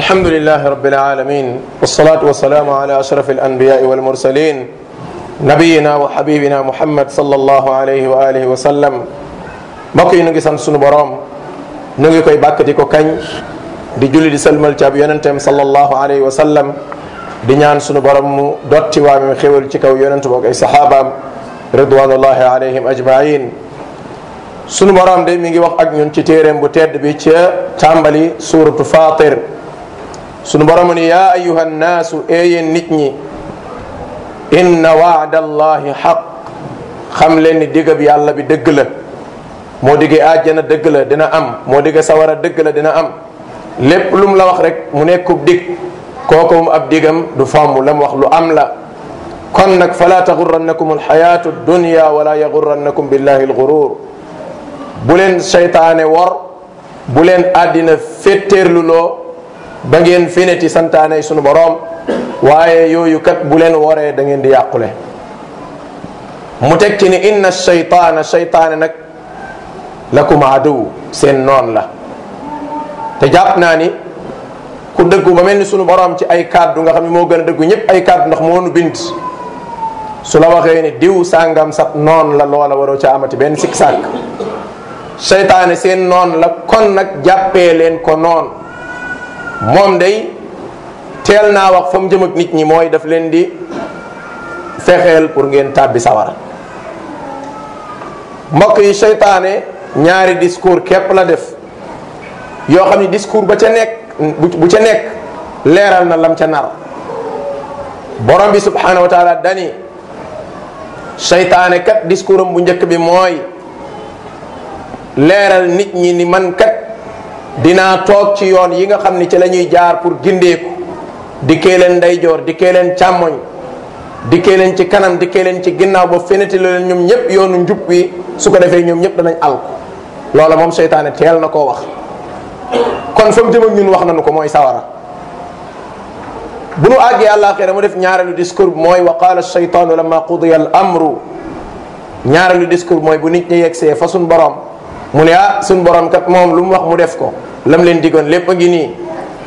الحمد لله رب العالمين والصلاة والسلام على أشرف الأنبياء والمرسلين نبينا وحبيبنا محمد صلى الله عليه وآله وسلم mbokk yi nu ngi sant sunu boroom nu ngi koy bàkk di ko kañ di julli di sëlmal ci ab yonenteem sallallahu alayhi wa sallam di ñaan sunu borom mu dotti waamem xéwal ci kaw yonent boog ay saxaabaam ridwanullahi alayhim ajmain sunu borom de mi ngi wax ak ñun ci téeréem bu tedd bi ca tàmbali suratu fatir sunu borom ni yaa ayuha nnaasu eeyeen nit ñi inna waadallahi xaq xam leen ni digab yàlla bi dëgg la moo diggee àjjana dëgg la dina am moo diggee sawara dëgg la dina am lépp lum la wax rek mu nekkub dig kooku ab digam du fomm lam wax lu am la kon nag fala taxurannakum alxayaatu dunya wala yaxurannakum billahi alxurur bu leen seytaane wor bu leen àddina féttéerluloo ba ngeen fine ci santaane sunu boroom waaye yooyu kat bu leen waree dangeen di yàqule mu teg ci ni inna shaytaana shaytaane nag lakum aduw seen noon la te jàpp naa ni ku dëggu ba mel ni sunu boroom ci ay kàddu nga xam ne moo gën a dëggu ñëpp ay kàddu ndax moo nu bind su la waxee ni diw sàngam sat noon la loola waroo ca amati benn sikk sàkk seytaane seen noon la kon nag jàppee leen ko noon moom day teel naa wax fa mu jëm nit ñi mooy daf leen di fexeel pour ngeen tàbbi sawara mbokk yi seytaane ñaari discours képp la def yoo xam ne diskuur ba ca nekk bu ca nekk leeral na lam ca nar borom bi subhanahu wa dani seytaane kat discours bu njëkk bi mooy leeral nit ñi ni man kat dinaa toog ci yoon yi nga xam ni ci lañuy jaar pour gindeeku dikkee leen ndeyjoor dikkee leen càmmoñ dikkee leen ci kanam dikkee leen ci ginnaaw ba fénati la ñoom ñëpp yoonu njub wi su ko defee ñoom ñëpp danañ alku loola moom seytaane teel na koo wax kon fa mu jëm ñun wax nañu ko mooy sawara bu nu àggee àllaaxira mu def ñaareelu discours bi mooy wa qaala seytaanu lamma qudiya al amru ñaareelu discours mooy bu nit ñi yegsee fa suñ borom mu ne ah suñ borom kat moom lu mu wax mu def ko lam leen digoon lépp a ngi nii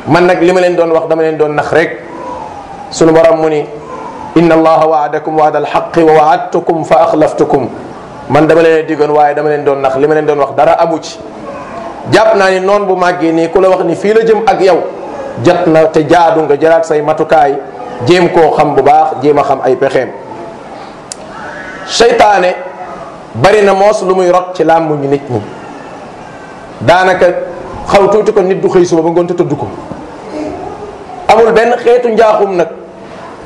man nag li ma leen doon wax dama leen doon nax rek sunu borom mu ni in allaha waadakum waada alxaqi wa waadtukum fa axlaftukum man dama leen digoon waaye dama leen doon nax li ma leen doon wax dara amu ci jàpp naa ni noon bu màggee nii ku la wax ni fii la jëm ak yow jat na te jaadu nga jëlaat say matukaay jéem koo xam bu baax jéem a xam ay pexeem seytaane bari na moos lu muy rot ci làmmuñu nit ñi daanaka xaw tuuti ko nit du xëy suba ba ngoon te tëdd ko amul benn xeetu njaaxum nag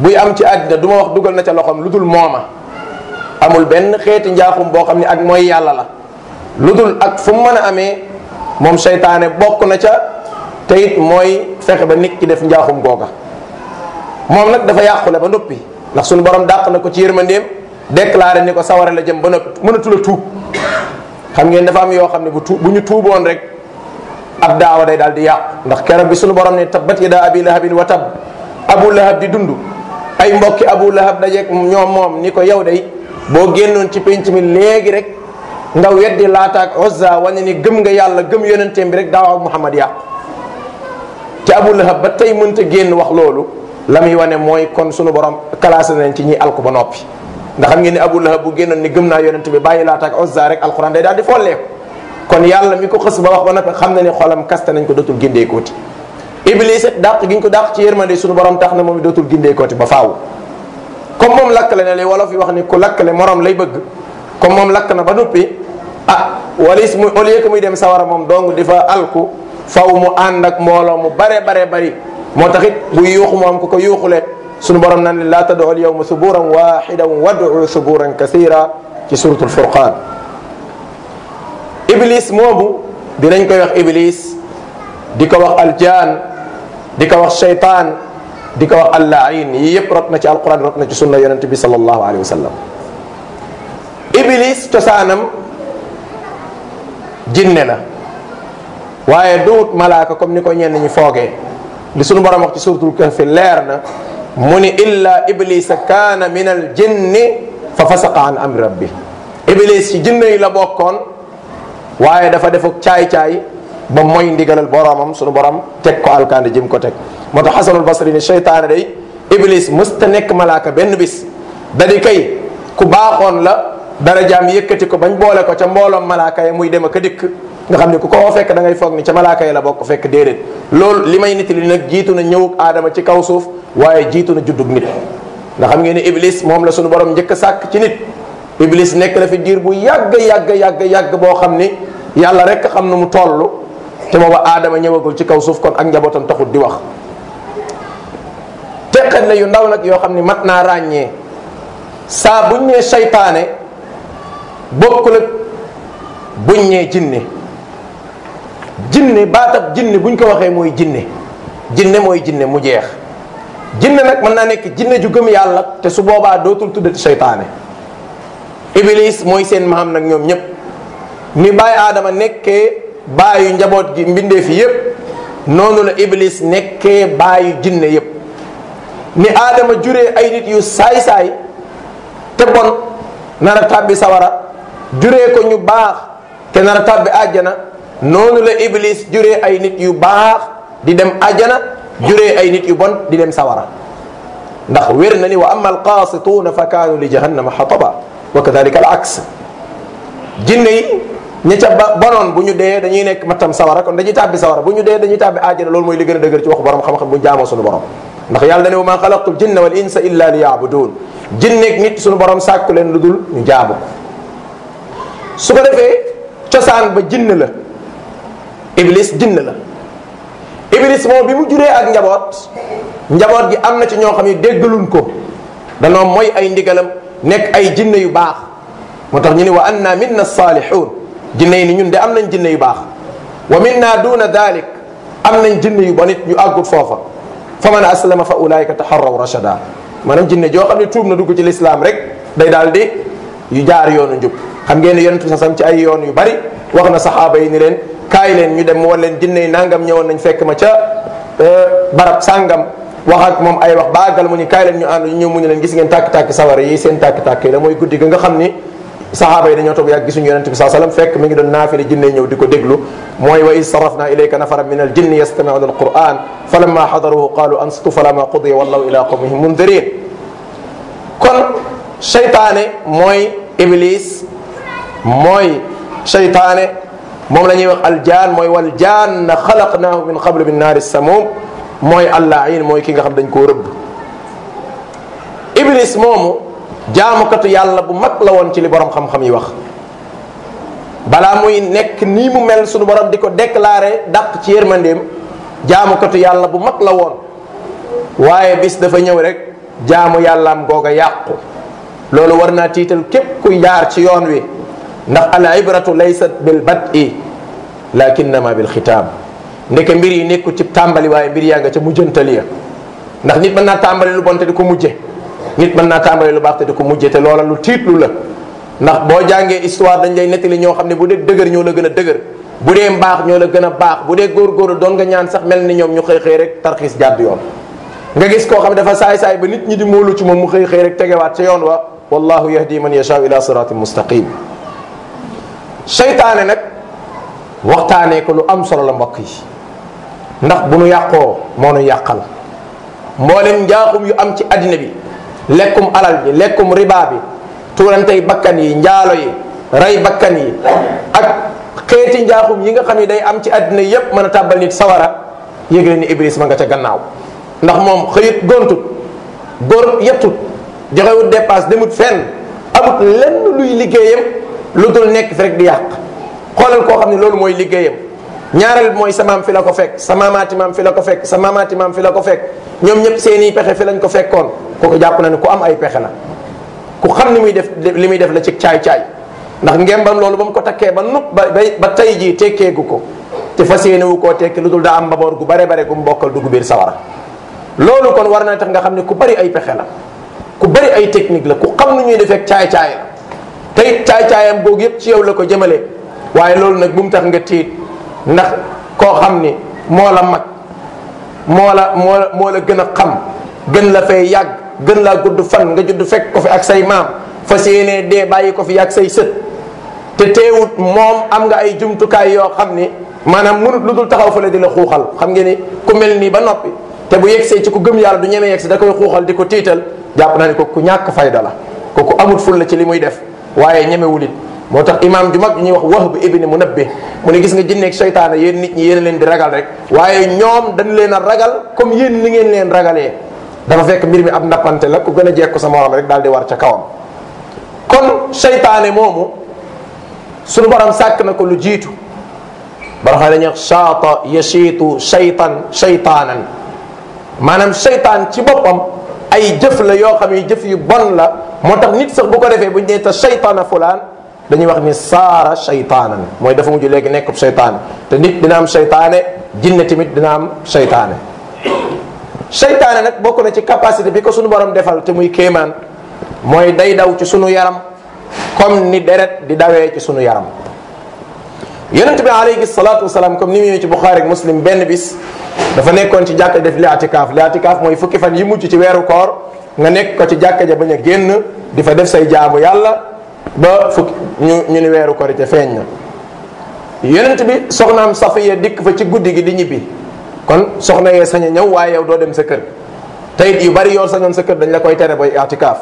buy am ci àddina duma wax dugal na ca loxoom lu dul mooma amul benn xeeti njaaxum boo xam ne ak mooy yàlla la lu ak fu mën a amee moom seytaane bokk na ca te mooy fexe ba nikki def njaaxum googa moom nag dafa yàqule ba noppi ndax suñu borom dàq na ko ci yërmandeem déclaré ni ko saware la jëm ba noppi mënatu la tuub xam ngeen dafa am yoo xam ne bu tu bu ñu tuuboon rek ab daawa day daal di yàqu ndax keroog bi suñu borom ne tabbat yadaa abi lahabin wa tab abu lahab di dund ay mbokki abu lahab dajeeg ñoom moom ni ko yow day boo génnoon ci penc mi léegi rek nga weddi laataak Uzza wane ni gëm nga yàlla gëm yonenteem bi rek daawa Muhammad yàqu te abu lahab ba tey mënta génn wax loolu lami muy wane mooy kon sunu borom classé nañ ci ñi alku ba noppi ndax xam ngeen ni Abu Lahab bu génnoon ni gëm naa yonent bi bàyyi laata ak Uzza rek alxuraan day daal di folleeku kon yàlla mi ko xës ba wax ba noppi xam na ne xolam kaste nañ ko dootul gindeekooti Iblis it dàq gi ñu ko dàq ci yërmande suñu borom tax na moom it dootul gindeekooti ba faaw comme moom lakkale na li wolof yi wax ni ku lakkale morom lay bëgg comme moom lakk na ba noppi ah walis mu au lieu que muy dem sawara moom dong di fa alku faw mu ànd ak mbooloo mu bare bare bari moo tax it bu yuuxu am ko ko yuuxulee sunu borom nan laa tad'u al yawma suburan wahidan wad'u suburan kasira ci suratul furqan iblis moomu dinañ koy wax iblis di ko wax aljaan di ko wax shaytaan di ko wax allain yi yëpp rot na ci alquran rot na ci sunna yonente bi sallallahu alayhi wa sallam iblis cosaanam jinne la waaye duut malaaka comme ni ko ñenn ñi foogee li sunu borom wax ci suratul kahfi leer na mu ni illa iblisa kaana min al jinni fa fasaqa an amri rabbi iblis ci jinne la bokkoon waaye dafa defuk caay-caay ba mooy ndigalal boromam sunu borom teg ko alkande jim ko teg moo tax xasanul basri ni seytaane day iblis musta nekk malaaka benn bis da di ku baaxoon la darajaam yëkkati ko bañ boole ko ca mbooloom malaaka muy dem ak dikk nga xam ne ku ko fekk da ngay foog ni ca malaaka la bokk fekk déedéet loolu li may li nag jiitu na ñëwug aadama ci kaw suuf waaye jiitu na juddug nit nga xam ngeen ne iblis moom la suñu borom njëkk sàkk ci nit iblis nekk na fi diir bu yàgg yàgg yàgg yàgg boo xam ni yàlla rek xam na mu toll te booba aadama ñëwagul ci kaw suuf kon ak njabootam taxul di wax teqet la yu ndaw nag yoo xam ni mat naa ràññee saa buñ nee saytaane bokk ak buñ nee jinne jinne baatab jinne buñ ko waxee mooy jinne jinne mooy jinne mu jeex jinne nag mën naa nekk jinne ju gëm yàlla te su boobaa dootul tuddati seytaane iblis mooy seen maam nag ñoom ñépp ni bàyyi aadama nekkee baayu njaboot gi mbindee fi yépp noonu la iblis nekkee baayu jinne yépp ni aadama juree ay nit yu saay-saay te bon nar a tàbbi sawara juree ko ñu baax te nar a tàbbi àjjana noonu la iblis juree ay nit yu baax di dem ajana juree ay nit yu bon di dem sawara ndax wér na ni wa ama alqaasituuna fa kaanu li jahannama xataba wa kadalika al aks jinne yi ña ca ba bonoon bu ñu dee dañuy nekk mattam sawara kon dañuy tàbbi sawara bu ñu dee dañuy tàbbi ajana loolu mooy li gën a dëgër ci waxu borom xam-xam bu jaamoo suñu borom ndax yàlla dane wa ma xalaqtu l jinna wal insa illa li yaabuduun jinneeg nit suñu borom sàkku leen lu dul ñu jaamu ko su ko defee ba jinne la iblis jinn la iblis moom bi mu juree ak njaboot njaboot gi am na ci ñoo xam ne déggaluñ ko danoom mooy ay ndigalam nekk ay jinne yu baax moo tax ñu ne wa anna minna saalihun jinne yi ni ñun de am nañ jinne yu baax wa minna duna dalik am nañ jinne yu bonit ñu àggut foofa fa man aslama fa ulaayika taharraw rachada maanaam jinne joo xam ne tuub na dugg ci lislaam rek day daal di yu jaar yoon njub xam ngeen ne yonent bi sasam ci ay yoon yu bari wax na saxaaba yi ni leen kaay leen ñu dem war leen jinne nangam ñëwoon nañ fekk ma ca euh, barab sangam wax ak moom ay wax baagal mu ni kaay leen ñu ànd ñu mu ñu leen gis ngeen tàkk-tàkk sawara yi seen tàkk-tàkk yi la mooy guddi ga nga xam ni sahaaba yi dañoo toog yàgg gisuñu yonente bi saa sallam fekk mi ngi doon naafile jinne ñëw di ko déglu mooy wa is sarafna ilayka nafaran min al jinni yastami'una al quran falamma hadaruhu qalu ansitu falamma qudiya wallahu ila qawmihim mundirin kon seytaane mooy iblis mooy seytaane moom la ñuy wax aljaan mooy wal jaan na xalaqnaahu min qablu min naari samuum mooy allaayin mooy ki nga xam dañ ko rëbb iblis moomu jaamukatu yàlla bu mag la woon ci li borom xam-xam yi wax balaa muy nekk nii mu mel suñu borom di ko déclaré dàq ci yërmandeem jaamukatu yàlla bu mag la woon waaye bis dafa ñëw rek jaamu yàlla yàllaam googa yàqu loolu war naa tiital képp ku jaar ci yoon wi ndax al ibratu laysat bil bad'i lakinnama bil xitaam ndeke mbir yi nekkul ci tàmbali waaye mbir yaa nga ca mujjantali ya ndax nit mën naa tàmbali lu bon te di ko mujje nit mën naa tàmbali lu baax te di ko mujje te loola lu tiit lu la ndax boo jàngee histoire dañ lay nettali ñoo xam ne bu dee dëgër ñoo la gën a dëgër bu dee mbaax ñoo la gën a baax bu dee góor góor doon nga ñaan sax mel ni ñoom ñu xëy xëy rek tarxiis jàdd yoon nga gis koo xam ne dafa saay-saay ba nit ñi di moolu ci moom mu xëy xëy rek tegewaat ca yoon wa wallahu yahdi man yashaa ila siratin mustaqim seytaane nag waxtaanee ko lu am solo la mbokk yi ndax bu nu yàqoo moo nu yàqal mboolem njaaxum yu am ci àddina bi lekkum alal bi lekkum riba bi tuurantey bakkan yi njaalo yi rey bakkan yi ak xeeti njaaxum yi nga xam ne day am ci àddina yépp mën a tàbbal nit sawara yëg leen ni iblis ma nga ca gannaaw ndax moom xëyut gontut góor yettut joxewut dépasse demut fenn amut lenn luy liggéeyam lu dul nekk fi rek di yàq xoolal koo xam ne loolu mooy liggéeyam ñaareel mooy sa maam fi la ko fekk sa maamaati maam fi la ko fekk sa maamaati maam fi la ko fekk ñoom ñëpp seeni pexe fi lañ ko fekkoon kooku jàpp na ne ku am ay pexe la ku xam ni muy def li muy def la ci caay-caay ndax ngembam loolu ba mu ko takkee ba nup ba ba tey jii tekkeegu ko te fas yéene wu koo tekki lu dul daa am mbaboor gu bare bare gu bokkal dugg biir sawara loolu kon war na tax nga xam ne ku bari ay pexe la ku bari ay technique la ku xam nu ñuy defee caay-caay la tey caay-caayam googu yëpp ci yow la ko jëmale waaye loolu nag bu mu tax nga tiit ndax koo xam ni moo la mag moo la moo la moo la gën a xam gën la fay yàgg gën laa gudd fan nga judd fekk ko fi ak say maam fas yéenee dee bàyyi ko fi ak say sët te teewut moom am nga ay jumtukaay yoo xam ni maanaam mënut lu dul taxaw fële di la xuuxal xam ngeen ni ku mel nii ba noppi te bu yegsee ci ku gëm yàlla du ñeme yegsi da koy xuuxal di ko tiital jàpp na ni ko ku ñàkk fayda la ko ku amut ful la ci li muy def waaye ñemewulit moo tax imaam ju mag ñuy wax Wahb ibn Munabbih mu ne gis nga jinneeg seytaane yéen nit ñi yéen leen di ragal rek waaye ñoom dañ leen a ragal comme yéen ni ngeen leen ragalee dafa fekk mbir mi ab nappante la ku gën a jekku sa morom rek daal di war ca kawam kon seytaane moomu sunu borom sàkk na ko lu jiitu bara xay dañuy wax shaata yashiitu shaytan shaytaanan maanaam seytaan ci boppam ay jëf la yoo xam ne jëf yu bon la moo tax nit sax bu ko defee buñ nee te seytaana fulaan dañuy wax ni saara shaytaanan mooy dafa mujj léegi nekkub shaytaan te nit dina am shaytaane jinne tamit dina am shaytaane shaytaane nag bokk na ci capacité bi ko sunu borom defal te muy kéemaan mooy day daw ci sunu yaram comme ni deret di dawee ci sunu yaram yonent bi alayhi salaatu wasalaam comme ni mu ñëwee ci Buxaari ak Muslim benn bis dafa nekkoon ci jàkka def liatikaaf liatikaaf mooy fukki fan yi mujj ci weeru koor nga nekk ko ci jàkka bañ a génn di fa def say jaamu yàlla ba fukki ñu ñu ni weeru korite feeñ na yonent bi soxnaam safiya dikk fa ci guddi gi di ñibbi kon soxna yee sañ ñëw waaye yow doo dem sa kër tey yu bari yoon sañoon sa kër dañ la koy tere booy itikaaf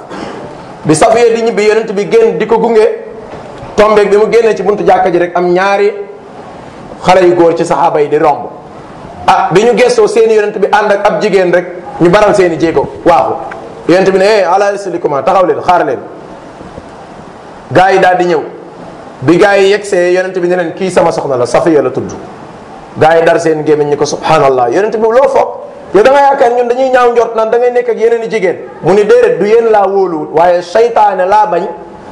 bi safiya di ñibbi yonent bi génn di ko gunge tombeeg bi mu génnee ci buntu jàkka ji rek am ñaari xale yu góor ci saxaaba yi di romb ah bi ñu gestoo seen yonent bi ànd ak ab jigéen rek ñu baral seeni i jéego waaxu yonent bi ne eh ala rasulikuma taxaw leen xaar gaa yi daal di ñëw bi gaa yi yegsee yonent bi ne leen kii sama soxna la Safiya la tudd gaa yi dar seen gémmiñ ñi ko subhanallah yonent bi loo foog yow da nga yaakaar ñun dañuy ñaaw njort naan da nekk ak yeneen i jigéen mu ni déedéet du yéen laa wóoluwut waaye saytaane laa bañ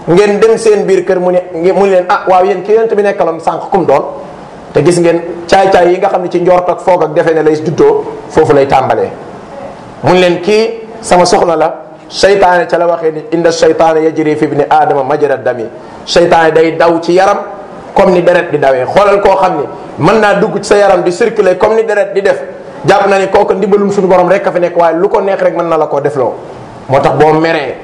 ngeen dem seen biir kër mu ne mu ne leen ah waaw yéen ki yonent bi nekkaloon sànq kum doon te gis ngeen caay-caay yi nga xam ne ci njort ak foog ak defe ne lay juddoo foofu lay tàmbalee leen kii sama soxna la seytaane ca la waxee ni inda seytaane yajri fi ibni aadama majra dami seytaane day daw ci yaram comme ni deret di dawee xoolal koo xam ni mën naa dugg ci sa yaram di circuler comme ni deret di def jàpp na ni kooku ndimbalum suñu borom rek a fi nekk waaye lu ko neex rek mën na la koo defloo moo tax boo meree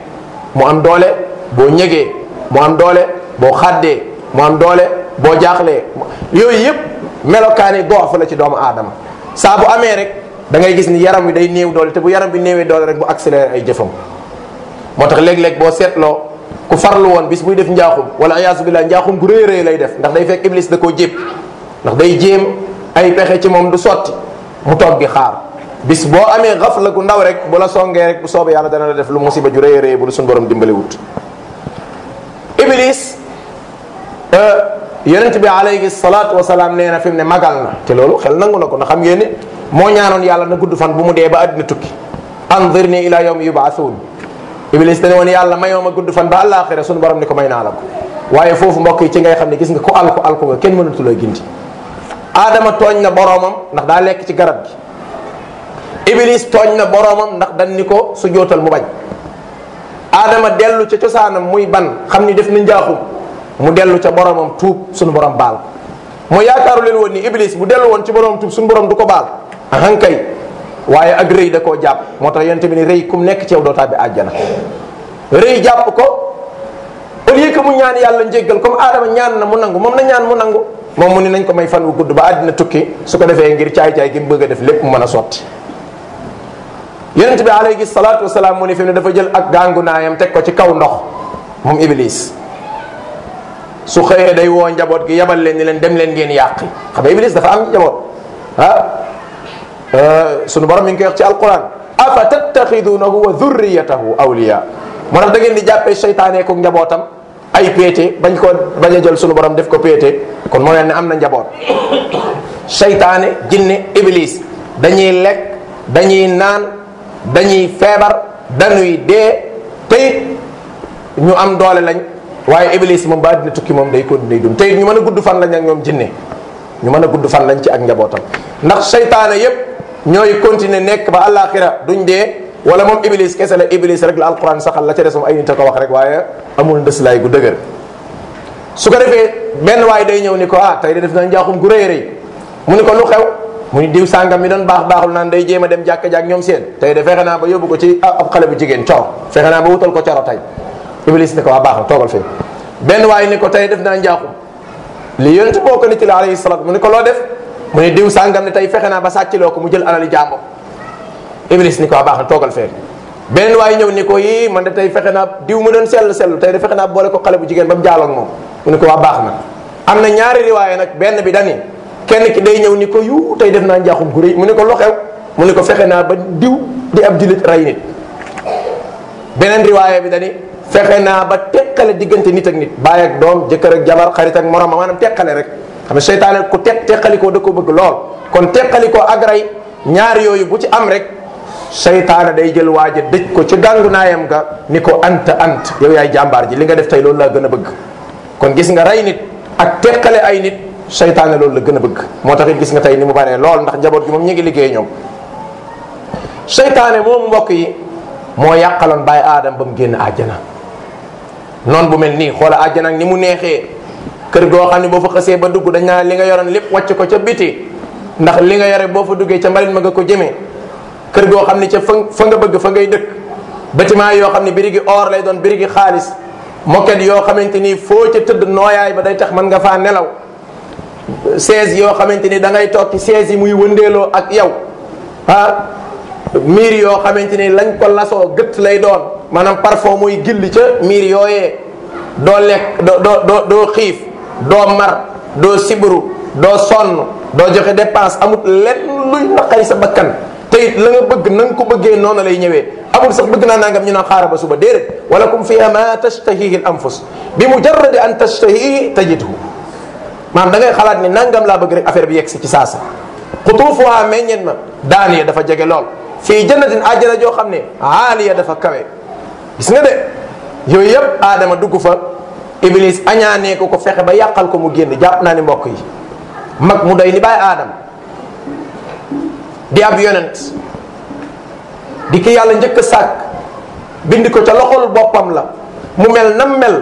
mu am doole boo ñëgee mu am doole boo xàddee mu am doole boo jaaxlee yooyu yëpp melokaani doof la ci doomu aadama saa bu amee rek da ngay gis ni yaram wi day néew doole te bu yaram bi néewee doole rek mu accélérer ay jëfam moo tax léeg-léeg boo seetloo ku farlu woon bis buy def njaaxum wala ayaasu billah njaaxum gu rëy rëy lay def ndax day fekk iblis da koo jépp ndax day jéem ay pexe ci moom du sotti mu toog di xaar bis boo amee xafla gu ndaw rek bu la songee rek bu soobee yàlla dana la def lu musiba ju rëy rëy bu la suñu borom dimbaliwut iblis euh, yonent bi alayhi salaatu wasalaam nee na fi mu ne magal na te loolu xel nangu na ko na xam ngeen moo ñaanoon yàlla na gudd fan bu mu dee ba àddina tukki anzirni ila yawmi yubaasuun Iblis dana woon yàlla may ma gudd fan ba àllaaxira sunu borom ni ko may naa la ko waaye foofu mbokk yi ci ngay xam ne gis nga ku al alku nga kenn mënatu lay ginti aadama tooñ na boroomam ndax daa lekk ci garab gi Iblis tooñ na boroomam ndax dañ ni ko su jootal mu bañ adama dellu ca cosaanam muy ban xam ni def na njaaxum mu dellu ca boroomam tuub sunu borom baal mu yaakaaru leen woon ni Iblis bu dellu woon ci boroomam tuub sunu borom du ko baal waaye ak rëy da ko jàpp moo tax yonent bi ne rëy kum nekk ci yow doo tàbbi àjjana rëy jàpp ko au lieu mu ñaan yàlla njéggal comme aadama ñaan na mu nangu moom na ñaan mu nangu moom mu ni nañ ko may fan wu gudd ba àddina tukki su ko defee ngir caay-caay gi mu bëgg def lépp mu mën a sotti yonent bi alayhi salaatu wasalaam mu ni fi ne dafa jël ak gàngu naayam teg ko ci kaw ndox moom iblis su xëyee day woo njaboot gi yabal leen ni leen dem leen ngeen yàqi xam nga iblis dafa am njaboot ah. Eh, sunu borom mi ngi koy wax ci alquran afa tattaxidunahu wa dhurriyatahu awliya moo tax da ngeen di jàppee seytaane ko njabootam ay péete bañ ko bañ jël sunu borom def ko péete kon moo ne am na njaboot seytaane jinne iblis dañuy lekk dañuy naan dañuy feebar dañuy dee te ñu am doole lañ waaye iblis moom baa dina tukki moom day continuer dund te it ñu mën a gudd fan lañ ak ñoom jinne ñu mën a gudd fan lañ ci ak njabootam ndax seytaane yépp ñooy continuer nekk ba àllaaxira duñ dee wala moom iblis kese la iblis rek la alquran saxal la ca des moom ay nit a ko wax rek waaye amul ndëslaay gu dëgër su ko defee benn waay day ñëw ni ko ah tey de def naa njaaxum gu rëy rëy mu ni ko lu xew mu ni diw sàngam mi doon baax baaxul naan day jéem a dem jàkka jaak ñoom seen tey de fexe naa ba yóbbu ko ci ah, ab xale bu jigéen coro fexe naa ba wutal ko coro tey iblis ni ko waa ah, baax na toogal fii benn waay ni ko tey def naa njaaxum li yonent boo ko nit la alayhi salaatu mu ni ko loo def mu ne diw sàngam ne tey fexe naa ba sàccloo ko mu jël alali jàmbur iblis ni ko ah baax na toogal fee beneen waaye ñëw ni ko yii man de tey fexe naa diw mu doon sell sellu tey de naa boole ko xale bu jigéen ba mu jaaloog moom ne ko waa baax na am na ñaari riwaaye nag benn bi dani kenn ki day ñëw ni ko yu tey def naa njaaxum gu mu ne ko lu mu ne ko fexe naa ba diw di ab jullit rey nit beneen riwaaye bi dani fexe naa ba teqale diggante nit ak nit baay ak doom jëkkër ak jabar xarit ak morom maanaam teqale rek xam ne seytaane ku te teqalikoo da ko bëgg lool kon teqalikoo ak rey ñaar yooyu bu ci am rek seytaane day jël waaja dëj ko ci dàngu naayam ga ni ko ant ant yow yaay jàmbaar ji li nga def tey loolu laa gën a bëgg kon gis nga rey nit ak teqale ay nit seytaane loolu la gën a bëgg moo tax gis nga tey ni mu baree lool ndax njaboot gi moom ñu ngi liggéey ñoom seytaane moom mbokk yi moo yàqaloon bàyyi aadam ba mu génn àjjana noonu bu mel nii xoola àjjana ni mu neexee kër goo xam ne boo fa xësee ba dugg dañ naan li nga yoroon lépp wàcc ko ca biti ndax li nga yore boo fa duggee ca mbalit ma nga ko jëmee kër goo xam ne ca fa nga bëgg fa ngay dëkk bâtiment yoo xam ne birigi oor lay doon birigi xaalis moket yoo xamante ni foo ca tëdd nooyaay ba day tax mën nga faa nelaw chaise yoo xamante ni da ngay toog ci yi muy wëndeeloo ak yow ah miir yoo xamante ni lañ ko lasoo gëtt lay doon maanaam parfum muy gilli ca miir doo lekk doo doo mar doo siburu doo sonn doo joxe dépense amut lenn luy naqari sa bakkan te it la nga bëgg na ko bëggee noonu lay ñëwee amul sax bëgg naa nangam ñu naan xaara ba suba déedéet wala kum fiha ma tashtahihi al anfus bi mujarradi an tashtahihi tajidhu maanaam da ngay xalaat ne nangam laa bëgg rek affaire bi yegg si ci saasa xutuufuha meññeen ma daaniya dafa jege lool fii a ajjana joo xam ne aaliya dafa kawe gis nga de yooyu yëpp aadama dugg fa Iblis añaanee ko ko fexe ba yàqal ko mu génn jàpp naa ni mbokk yi mag mu day ni bàyyi aadam di ab yonent di ki yàlla njëkk sàkk bind ko ca loxolu boppam la mu mel nam mel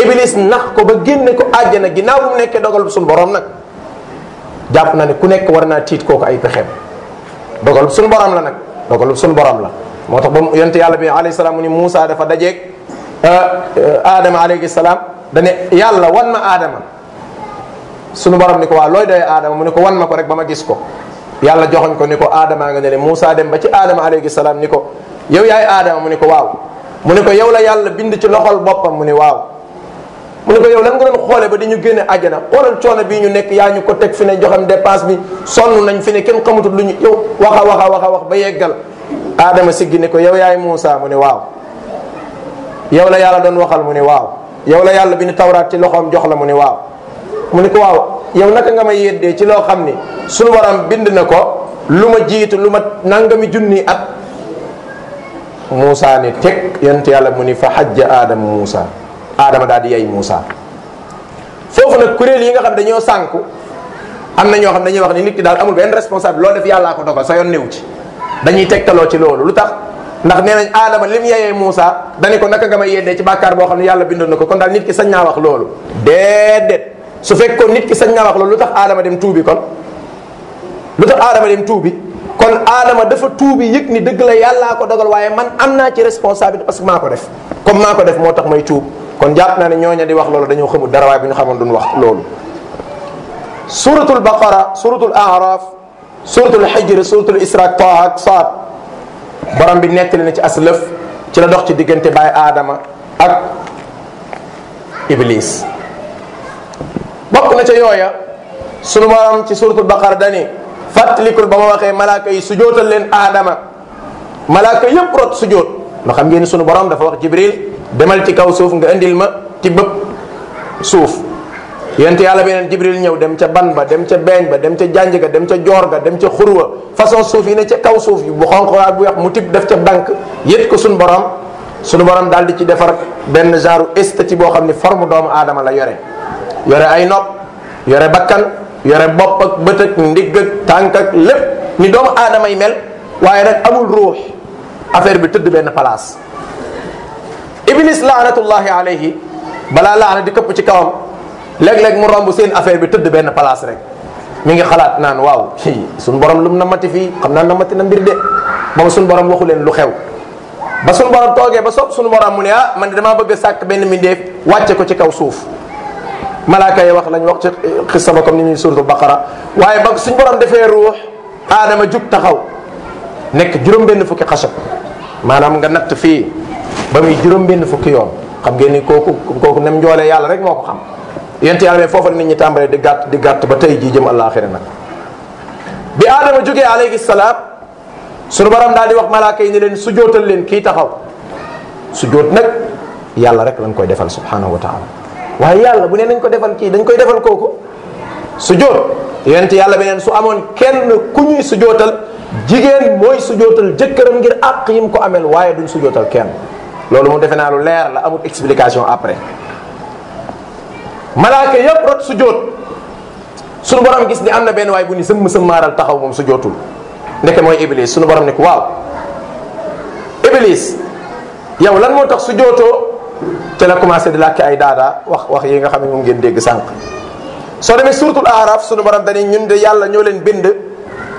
Iblis nax ko ba génne ko àjjana ginnaaw bu mu nekkee dogal suñu borom nag jàpp naa ni ku nekk war naa tiit kooku ay pexeem dogal suñu borom la nag dogal suñu borom la moo tax ba yonent yàlla bi alayhi salaam mu ni dafa dajeeg ah, Adama alayhi dane yàlla wan ma aadama sunu borom ni ko waa looy doy aadama mu ne ko wan ma ko rek ba ma gis ko yàlla joxoñ ko ni ko aadama nga ne Moussa dem ba ci aadama alayhi salaam ni ko yow yaay mu ne ko waaw mu ne ko yow la yàlla bind ci loxol boppam mu ne waaw mu ne ko yow lan nga doon ba di ñu génne àjjana xoolal bii ñu nekk yaa ñu ko teg fi ne joxam bi sonn nañ fi ne kenn lu ñu yow waxa waxa waxa wax ba yeggal aadama siggi ni ko yow yaay Moussa mu ne waaw yow la yàlla doon waxal mu ne waaw yow la yàlla bi ni tawraat ci loxoom jox la mu ni waaw mu ni ko waaw yow naka nga ma yeddee ci loo xam ni sunu borom bind na ko lu ma jiitu lu ma nangami junni at Moussa ni teg yonent yàlla mu ni fa xajja aadama Moussa aadama daal di yey Moussa foofu nag kuréel yi nga xam dañoo sànku am na ñoo xam dañuy wax ni nit ki daal amul benn responsable loo def yàllaa ko dogal sa yoon néew ci dañuy tegtaloo ci loolu lu tax ndax nee nañ aadama li mu yeyee Moussa dani ko naka nga may yeddee ci bàkkaar boo xam ne yàlla bindoon na ko kon daal nit ki sañ wax loolu déedéet su fekkoon nit ki sañ naa wax loolu lu tax aadama dem tuubi kon lu tax aadama dem tuubi kon aadama dafa tuubi yëg ni dëgg la yàllaa ko dogal waaye man am naa ci responsabilité parce que maa ko def comme maa ko def moo tax may tuub kon jàpp naa ne ñooña di wax loolu dañoo xamul dara waaye bu ñu xamoon duñ wax loolu suratul baqara suratul araf suratul hijr suratul isra taha saad borom bi nettali na ci aslëf ci la dox ci diggante baay aadama ak iblis bokk na ca yooya sunu borom ci suratul baqara dani fàttalikul ba ma waxee malaaka yi sujootal leen aadama malaaka yëpp rot sujoot ma xam ngeen sunu borom dafa wax jibril demal ci kaw suuf nga indil ma ci bëpp suuf yent yàlla beneen jibril ñëw dem ca ban ba dem ca beeñ ba dem ca jànj ga dem ca joor ga dem ca xurwa façon suuf yi ne ca kaw suuf yi bu xonq ak bu weex mu tib def ca bank yét ko suñu borom suñu borom daal di ci defar benn genre estati boo xam ni forme doomu aadama la yore yore ay nopp yore bakkan yore bopp ak bët ak ndigg ak tànk ak lépp ni doomu aadama yi mel waaye nag amul ruux affaire bi tëdd benn palaas iblis laanatullahi alayhi balaa laana di ci kawam léeg-léeg mu romb seen affaire bi tëdd benn place rek mu ngi xalaat naan waaw suñ borom lu mu namati fii xam naa namati na mbir de moom suñ borom waxu leen lu xew ba suñ borom toogee ba sopp suñu borom mu ne ah man damaa bëgg a sàkk benn mbindeef wàcce ko ci kaw suuf malaaka wax lañ wax ci ba comme ni ñuy suratu baqara waaye ba suñ borom defee ruux aadama jug taxaw nekk juróom benn fukki xasab maanaam nga natt fii ba muy juróom benn fukki yoon xam ngeen ni kooku kooku nem njoolee yàlla rek moo ko xam yent yàlla mais foofa nit ñi tàmbalee di gàtt di gàtt ba tey jii jëm àllaaxira nag bi aadama jógee alayhi salaam sunu borom daal di wax malaaka yi ne leen su jootal leen kii taxaw su joot nag yàlla rek lañ koy defal subhanahu wa taala waaye yàlla bu ne nañ ko defal kii dañ koy defal kooku su joot yent yàlla beneen su amoon kenn ku ñuy su jootal jigéen mooy su jootal jëkkëram ngir àq yim ko ameel waaye duñ su jootal kenn loolu moom defe naa lu leer la amul explication après malaaka yëpp rot su jóot sunu borom gis ni am na benn waay bu ni sëmm sëmm maaral taxaw moom su jootul ndeke mooy iblis suñu borom ne ko waaw iblis yow lan moo tax su jootoo te la commencé de làkki ay daadaa wax wax yi nga xam ne moom ngeen dégg sànq soo demee suuratul aaraaf sunu borom dañuy ñun de yàlla ñoo leen bind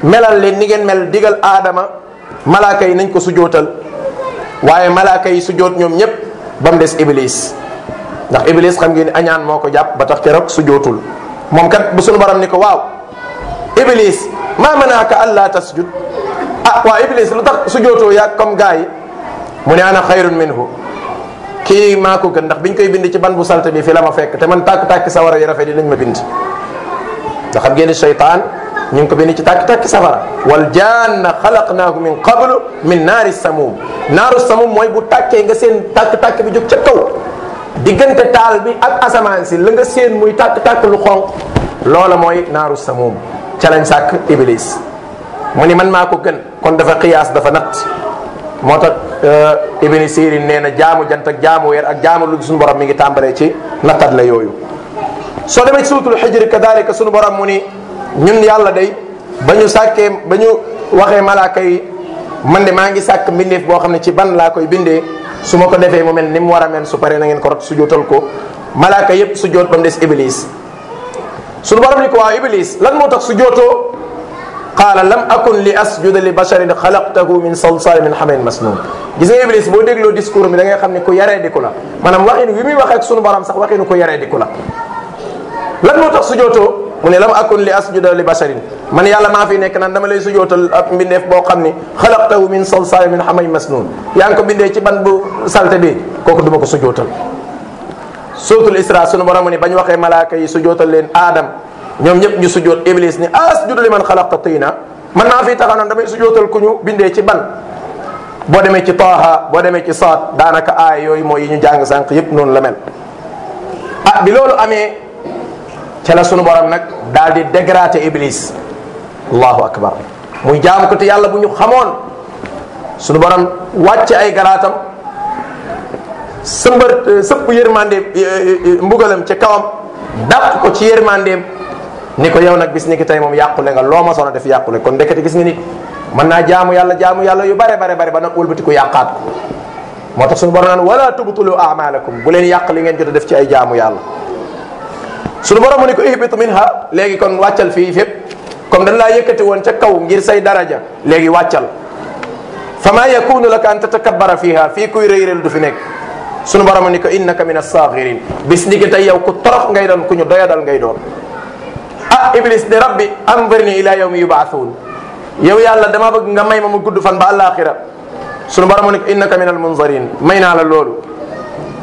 melal leen ni ngeen mel digal aadama malaaka yi nañ ko sujootal waaye malaaka yi sujoot ñoom ñëpp ba mu des iblis ndax iblis xam ngeen añaan moo ko jàpp ba tax keroog su jootul moom kat bu sunu borom ni ko waaw iblis maa manaaka allaa tasjud ah waa iblis lu tax su jootoo yaa comme gars yi mu ne ana xayrun minhu kii maa ko gën ndax biñ koy bind ci ban bu salte bi fi la ma fekk te man tàkk-tàkk sawara yi rafet yi lañ ma bind ndax xam ngeen ni seytaan ñu ngi ko bind ci tàkk-tàkk safara wal janna xalaqnaahu min qablu min naari samum naaru samum mooy bu tàkkee nga seen tàkk-tàkk bi jóg ca kaw diggante taal bi ak asamaan si la nga séen muy tàkk-tàkk lu xonq loola mooy naaru samuum ca lañ sàkk iblis mu ni man maa ko gën kon dafa xiyaas dafa natt moo tax euh, ibni sirin nee na jaamu jant ak jaamu weer ak jaamu lu suñu borom mi ngi tàmbalee ci nattat la yooyu soo demee ci suutul xijri kadalika suñu borom mu ni ñun yàlla day ba ñu sàkkee ba ñu waxee malaaka yi man de maa ngi sàkk mbindeef boo xam ne ci ban laa koy bindee su ma ko defee mu mel ni mu war a mel su paree na ngeen ko rot sujootal ko malaaka yépp sujoot ba mu des iblis suñu borom ni ko waaw iblis lan moo tax sujootoo qaala lam akun li asjuda li basharin xalaqtahu min salsal min xamain masnun gis nga iblis boo dégloo discours bi xam ne ku yaree diku la maanaam waxin wi wax ak sunu borom sax waxinu ko yaree diku la lan mu ne lam akun li asjuda li basharin man yàlla maa nekk naan dama lay sujootal ab mbindeef boo xam ni xalaqtahu min salsaal min xamay masnun yaa ngi bindee ci ban bu salte bi kooku du ma ko sujootal suratul isra sunu borom ni bañ waxee malaaka yi sujootal leen aadam ñoom ñëpp ñu sujoot iblis ni asjudu li man xalaqta tiina man maa fi taxaw naan damay sujootal ku ñu bindee ci ban boo demee ci taaha boo demee ci saat daanaka aay yooyu mooy yi ñu jàng sànq yëpp noonu la mel ah, ca la sunu borom nag daal di dégrader iblis allahu akbar muy jaam ko te yàlla bu ñu xamoon sunu borom wàcc ay garaatam sëmbar sëpp yërmande eh, eh, eh, mbugalam ci kawam dàq ko ci yërmandeem ni ko yow nag gis ni ki tey moom yàqule nga loo ma soona def yàqule kon ndekete gis nga nit mën naa jaamu yàlla jaamu yàlla yu bare bare bare ba nag wëlbati ku yàqaat moo tax sunu borom naan wala tubtulu amalakum bu leen yàq li ngeen jot a def ci ay jaamu yàlla sunu borom mu ne ko ihbit minha léegi kon wàccal fi fépp comme dañ laa yëkkati woon ca kaw ngir say daraja léegi wàccal fa maa yakunu laka an tatakabbara fiha fii kuy réyréel du fi nekk suñu borom mu ne ko innaka min as-saxirin bis ni ki tey yow ku torox ngay doon ku ñu doyadal ngay doon ah iblis de rabbi anzirni ila yawmi yow yàlla dama bëgg nga may ma mu gudd fan ba àllaaxira sunu borom mu ne ko innaka min almunzarin may naa la loolu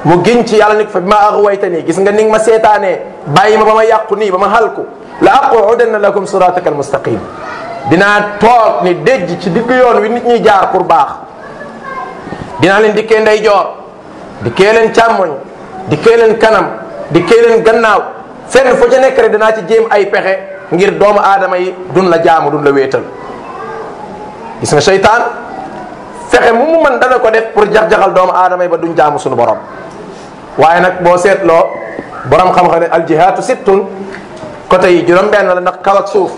mu giñ ci yàlla ni ko fa bi gis nga ni nga ma seetaanee bàyyi ma ba ma yàqu nii ba ma xal ko la aqudanna lakum siratakal mustaqim dinaa toog ni déjj ci digg yoon wi nit ñuy jaar pour baax dinaa leen dikkee nday joor di leen càmmoñ di leen kanam di leen gannaaw fenn foo ca nekk rek dinaa ci jéem ay pexe ngir doomu aadama yi dun la jaamu dun la wéetal gis nga fexe mu mu mën dana ko def pour jax-jaxal doomu aadama yi ba duñ jaamu suñu borom waaye nag boo seetloo borom xam-xam ne aljihaatu sittun côté yi juróom-benn la ndax kaw ak suuf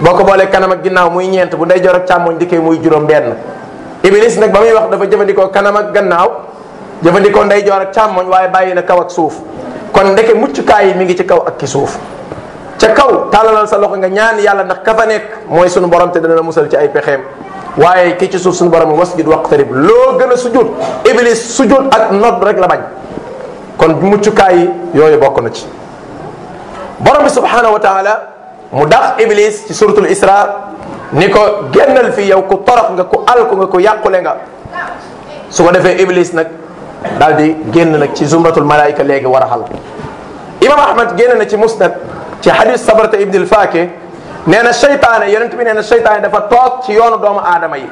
boo ko boolee kanam ak ginnaaw muy ñeent bu ndeyjoor ak càmmoñ dikkee muy juróom-benn. Iblis nag ba muy wax dafa jëfandikoo kanam ak gannaaw jëfandikoo ndeyjoor ak càmmoñ waaye bàyyi na kaw ak suuf kon ndeke muccukaay yi mi ngi ci kaw ak ki suuf. ca kaw tàllalal sa loxo nga ñaan yàlla ndax ka fa nekk mooy sunu borom te dana musal ci ay pexeem waaye ki ci suuf sunu borom wasjud waqtarib loo gën a sujud iblis sujud ak nodd rek la bañ. kon muccukaay yi yooyu bokk na ci borom bi subhanahu wa taala mu dàq iblis ci suratul isra ni ko génnal fii yow ku torox nga ku alku nga ku yàqule nga su ko defee iblis nag daal di génn nag ci zumratul malaayika léegi war a xal imam ahmad génn na ci musnad ci hadis sabarata ibn al faake nee na seytaane yonent bi nee na seytaane dafa toog ci yoonu doomu aadama yi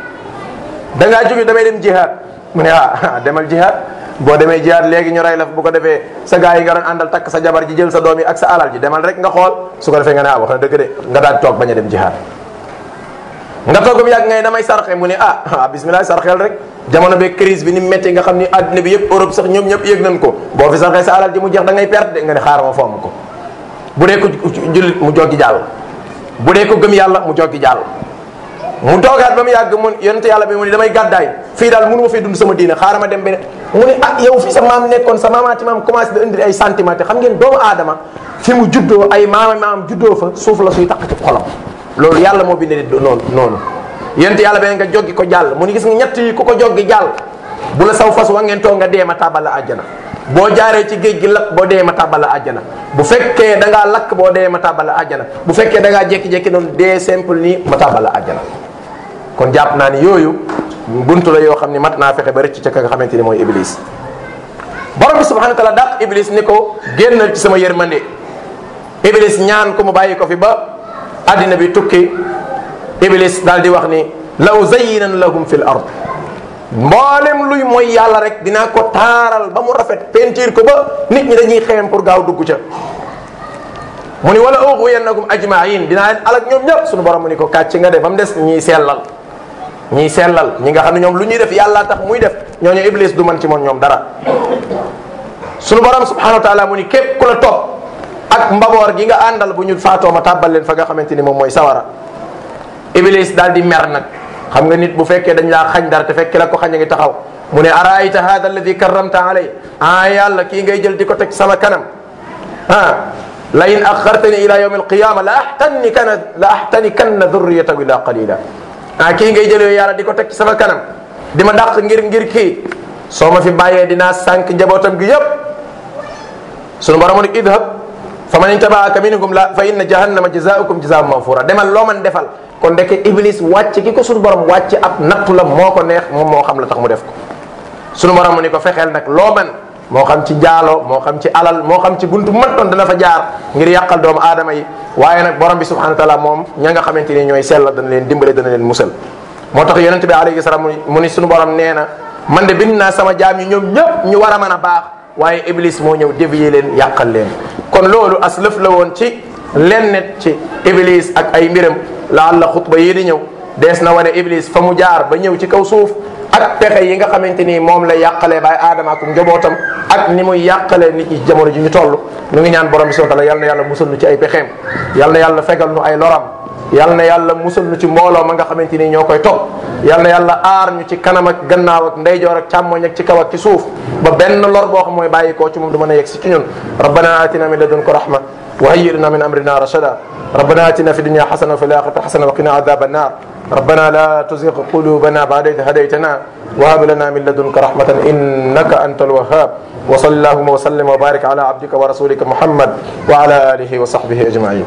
da ngaa jóge damay dem jihaad mu ne ah demal jihaad boo demee jiyaat léegi ñu rey la bu ko defee sa gars yi nga doon àndal takk sa jabar ji jël sa doom yi ak sa alal ji demal rek nga xool su ko defee nga ne ah wax na dëgg de nga daal toog bañ a dem jihaat nga toog mu yàgg ngay damay sarxe mu ne ah ah bismillah sarxeel rek jamono be crise bi ni métti nga xam ni adduna bi yëpp Europe sax ñoom ñëpp yëg nañ ko boo fi sarxee sa alal ji mu jeex da ngay perte de nga ne xaaral ma fomm ko bu dee ko jullit mu joggi jàll bu dee ko gëm yàlla mu joggi jàll mu toogaat ba mu yàgg mun yonent yàlla bi mu ni damay gàddaay fii daal mënu ma fee dund sama diine xaaral ma dem beneen mu ni ah yow fii sa maam nekkoon sa maamaati maam commencé da indi ay sentiment te xam ngeen doomu aadama fi mu juddoo ay maam maam juddoo fa suuf la suy taq ci xolam loolu yàlla moo bindee noonu noonu yonent yàlla beneen nga joggi ko jàll mu ni gis nga ñett yi ko ko joggi jàll bu la saw fas wa ngeen toog nga deema tàbbal la àjjana boo jaaree ci géej gi lakk boo dee ma tàbbal la àjjana bu fekkee da ngaa lakk boo dee ma tàbbal bu fekkee da ngaa noonu dee simple nii ma tàbbal kon jàpp naa ni yooyu buntu la yoo xam ni mat naa fexe ba rëcc ca ka nga xamante ni mooy iblis borom bi subhanahu wa taala dàq iblis ni ko na ci sama yërmande iblis ñaan ko ma bàyyi ko fi ba addina bi tukki iblis daal di wax ni law zayinan lahum fi l ard mboolem luy mooy yàlla rek dinaa ko taaral ba mu rafet peinture ko ba nit ñi dañuy xeem pour gaaw dugg ca mu ni wala ughwiyannahum ajmain dinaa leen alak ñoom ñëpp suñu borom mu ni ko kàcc nga def ba mu des ñiy sellal ñiy sellal ñi nga xam ne ñoom lu ñuy def yàlla tax muy def ñooñu iblis du man ci moom ñoom dara sunu borom subhanahu wa taala mu ni képp ku la ak mbaboor gi nga àndal bu ñu faatoo ma tàbbal leen fa nga xamante ni moom mooy sawara iblis daal di mer nag xam nga nit bu fekkee dañ laa xañ dara te fekk la ko xañ a ngi taxaw mu ne araayta hada alladi karramta alay ah yàlla kii ngay jël di ko teg sama kanam ah la in axartani ila yawmi alqiyama la axtannikanna la axtannikanna durriyatahu illa qalila ah kii ngay jëlee yàlla di ko teg ci sama kanam di ma dàq ngir ngir kii soo ma fi bàyyee dinaa sànq njabootam gi yëpp sunu borom ne idhab fa man itabaaka minhum la fa inna jahannama jazaukum jazaa'un mawfura demal loo man defal kon ndeke iblis wàcc ki ko sunu borom wàcc ab nattu la moo ko neex moom moo xam la tax mu def ko sunu borom ni ko fexeel nag loo man moo xam ci jaalo moo xam ci alal moo xam ci buntu bu mën doon dana fa jaar ngir yàqal doomu aadama yi waaye nag borom bi subhanahu wa moom ña nga xamante ni ñooy sell dana leen dimbale dana leen musal moo tax yonente bi alayhi salaam mu ni suñu borom nee na man de bind naa sama jaam yi ñoom ñëpp ñu war a mën a baax waaye iblis moo ñëw yi leen yàqal leen kon loolu as lëf la woon ci lennet ci iblis ak ay mbiram la alla xutba yi di ñëw dees na wane iblis fa mu jaar ba ñëw ci kaw suuf ak pexe yi nga xamante ni moom la yàqalee baay aadama ak njabootam ak ni muy yàqalee nit ñi jamono ji ñu toll ñu ngi ñaan borom bi subhanahu wa taala yàlla musal nu ci ay pexeem yal na yàlla fegal nu ay loram yal na yàlla musal nu ci mbooloo ma nga xamante ni ñoo koy topp yal yàlla aar ñu ci kanam ak gannaaw ak ndeyjoor ak càmmoñ ak ci kaw ci suuf ba benn lor boo xam mooy bàyyi koo ci moom du mën a yegg si ci ñun rabbana atina min ladunka rahma وهيئ لنا من امرنا رشدا ربنا اتنا في الدنيا حسنه وفي الاخره حسنه وقنا عذاب النار ربنا لا تزغ قلوبنا بعد إذ هديتنا وهب لنا من لدنك رحمة إنك أنت الوهاب وصلى اللهم وسلم وبارك على عبدك ورسولك محمد وعلى آله وصحبه أجمعين